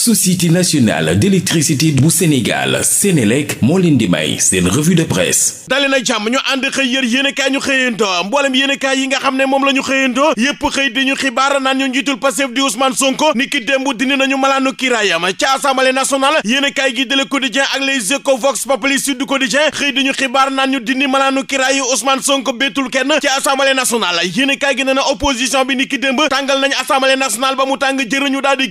société nationale d'électricité bu Sénégal Sénélec moo leen di may seen revue de presse dali jàmm ñu ànd xëy yër yéenekaay ñu xëyantoo mboolem yéenekaay yi nga xam ne moom la ñu xëyantoo yépp xëy di ñu xibaar naan ñu njiitul Pastef di Ousmane Sonko ni ki démb dindi nañu malaanu kiraayam ci Assemblée nationale yéenekaay gi de Le ak Les Échos Vox Populi Sud Quotidien xëy di ñu xibaar naan ñu dindi malaanu kiraayu Ousmane Sonko béetul kenn ci mu tàng jërëñu daal di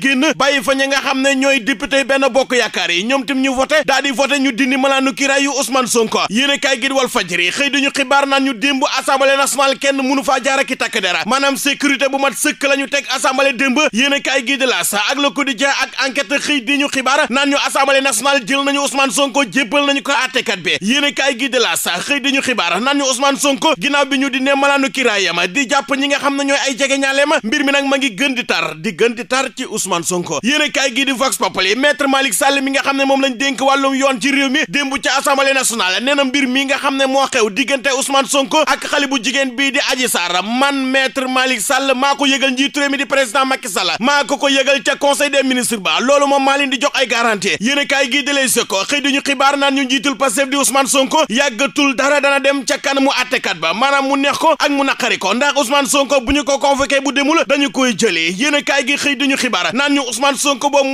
xam ne ñooy député benn bokk yaakaar yi ñoom tim ñu voté daal di voté ñu dindi malaanu kiiraay yu Ousmane Sonko yéen a kaay gi Walf Fadjri xëy duñu xibaar naan ñu démb assemblée nationale kenn mënu faa jaar ak i takk dara maanaam sécurité bu mat la ñu teg assemblée démb yéen a kaay gi di laas ak le quotidien ak enquête xëy di ñu xibaar naan ñu assemblée nationale jël nañu Ousmane Sonko jébbal nañu ko àttekat bi yéen a kaay gi di laas xëy di ñu xibaar naan ñu Ousmane Sonko ginnaaw bi ñu dindee malaanu kiiraayam di jàpp ñi nga xam na ñooy ay jege ñaaleema mbir mi nag ma ngi gën di tar di gën di tar ci Ousmane Sonko yéen di Vox Populi maître Malick Sall mi nga xam ne moom lañ dénk wàllum yoon ci réew mi démb ci assemblée nationale nee na mbir mi nga xam ne moo xew diggante Ousmane Sonko ak xale jigéen bii di Adji Sarr man maître Malick Sall maa ko yëgal njiitu réew mi di président Macky Sall maa ko ko yëgal ca conseil des ministres ba loolu moom maa leen di jox ay garantie yéen a kaay gii dalee se ko xëy ñu xibaar naan ñu njiitul Pastef di Ousmane Sonko yàggatul dara dana dem ca kanamu mu neex ko ak mu naqari ko ndax Ousmane bu ñu ko convoqué bu demul dañu koy jëlee yéen a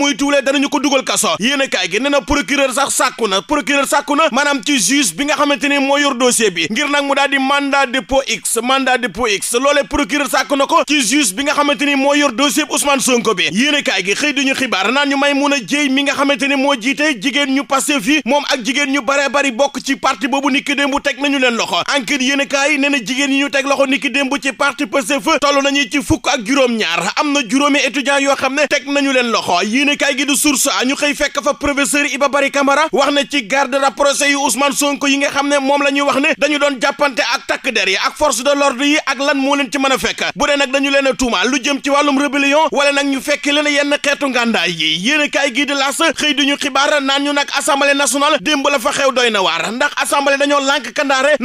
muy tuulee danañu ko dugal kaso yéen kaay gi nee na procureur sax sàkku na procureur sàkku ci juge bi nga xamante ni moo yor dossier bi ngir nag mu daal di mandat dépôt x mandat dépôt x loolee procureur sàkku na ko ci juge bi nga xamante ni moo yor dossier bi Ousmane Sonko bi yéen kaay gi xëy ñu xibaar naa ñu may mun a jéy mi nga xamante ni moo jiite jigéen ñu passé fii moom ak jigéen ñu bare bari bokk ci parti boobu ni ki démb teg nañu leen loxo enquête yéen kaay nee na jigéen yi ñu teg loxo ni ki démb ci parti Pastef toll nañu fukk ak juróom ñaar am na juróomi étudiant yoo xam ne teg nañu leen loxo yéenekaay gi du source ñu xëy fekk fa professeur Iba Bari Camara wax na ci garde rapprochée yu Ousmane Sonko yi nga xam ne moom la ñuy wax ne dañu doon jàppante ak takk der yi ak force de l'ordre yi ak lan moo leen ci mën a fekk bu dee nag dañu leen a tuumaal lu jëm ci wàllum rébellion wala nag ñu fekk leen yenn xeetu ngàndaay yi yéenekaay gi di laas xëy duñu xibaar naan ñu nag assemblée nationale démb la fa xew doy na waar ndax assemblée dañoo lànk kandaare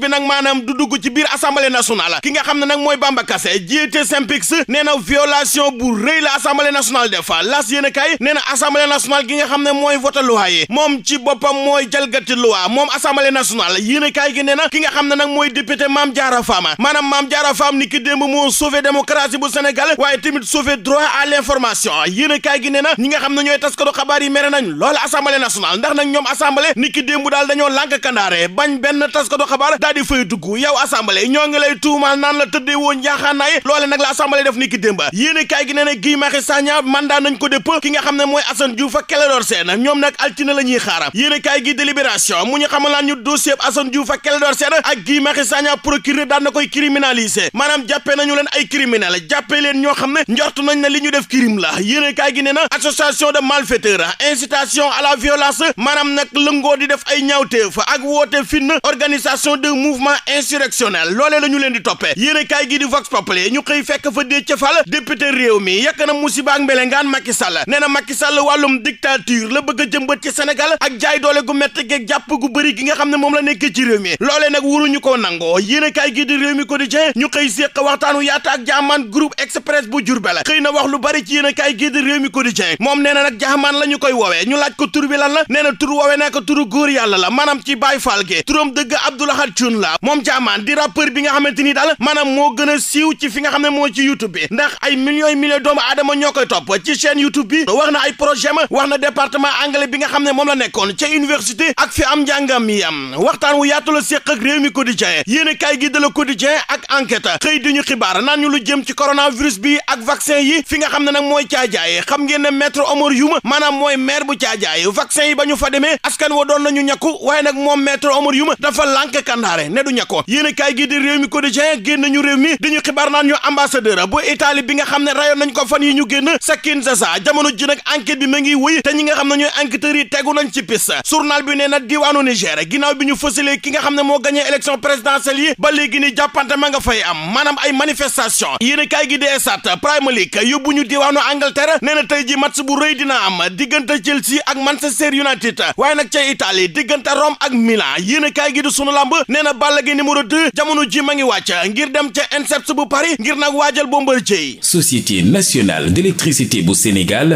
bi nag maanaam du dugg xam ne nag mooy Bamba na kaay nee na assemblée nationale gi nga xam ne mooy voté loi yi moom ci boppam mooy jalgati loi moom assemblée nationale yéen kaay gi nee na nga xam ne nag mooy député Mame Diarra Fam maanaam Mame Diarra Fam ni ki démb moo sauvé bu Sénégal waaye tamit sauvé droit à l'information yéen gi nee na nga xam ne ñooy taskatu xabaar yi mere lool assemblée nationale ndax nag ñoom assemblée ni ki démb daal dañoo lànk kandaare bañ benn na Guy Marius Sagna ki nga xam ne mooy Assane Diouf ak Clédor Sène ñoom nag altine la ñuy xaar yéene kaay gi délibération mu ñu xamalaan ñu dossier bi Assane Diouf ak Clédor Sène ak Guy Marius Sagna procureur daan na koy criminaliser maanaam jàppee nañu leen ay criminel jàppee leen ñoo xam ne njort nañ na li ñu def crime la yéene kaay gi nee na association de malfaiteurs incitation à la violence maanaam nag lëngoo di def ay ñaawteef ak woote finn organisation de mouvement insurrectionnel loolee la leen di toppee yéene gi di Vox Populi ñu xëy fekk fa Déthié Fall mi yàkk na musiba ak mbelengaan Macky Sall nee na Macky Sall wàllum dictature la bëgg a ci Sénégal ak jaay doole gu mett geeg jàpp gu bëri gi nga xam ne moom la nekk ci réew mi loolee nag wuruñu koo ko yéen a kaay gi di réew mi quotidien ñu xëy séq waxtaanu yaata ak jaamaan groupe express bu jur la xëy na wax lu bari ci yéen a kaay gi di réew mi moom nee na nag jaamaan la ñu koy wowe ñu laaj ko tur bi la nee na tur woowee nee ko turu góor yàlla la maanaam ci Baay Faal gi turam dëgg Abdoulahat Cuun la moom jaamaan di rappeur bi nga xamante ni daal maanaam moo gën a fi nga xam ne moo ci YouTube bi ndax ay millions millions doomu aadama ñoo koy topp ci chaîne YouTube bi wax na ay projet ma wax na département anglais bi nga xam ne moom la nekkoon ca université ak fi am njàngam mi am waxtaan wu yaatu la séq ak réew mi quotidien yéen i kaay gi de la quotidien ak enquête xëy di ñu xibaar naan ñu lu jëm ci coronavirus bi ak vaccin yi fi nga xam ne nag mooy caajaay xam ngeen ne maître Omar Youm maanaam mooy maire bu caajaay vaccin yi ba ñu fa demee askan wa doon nañu ñàkku waaye nag moom maître Omar Youm dafa lànk kandaare ne jamono ji nag bi ma ngi wëy te ñi nga xam nañu ñooy enquêteurs yi tegu nañ ci piste journal bi nee na diwaanu Niger ginnaaw bi ñu fësalee ki nga xam ne moo gagné élection présidentielle yi ba léegi ni jàppante ma nga fay am maanaam ay manifestation yéen a kaay gi di esat Premier League yóbbu ñu diwaanu Angleterre nee na tey ji match bu rey dina am diggante Chelsea ak Manchester United waaye nag ca Italie diggante Rome ak Milan yéen a kaay gi di sunu lamb nee na Balla Gaye numéro 2 jamono ji ma ngi wàcc ngir dem ca INSEP bu Paris ngir nag waajal Bombardier Société nationale d'électricité bu Sénégal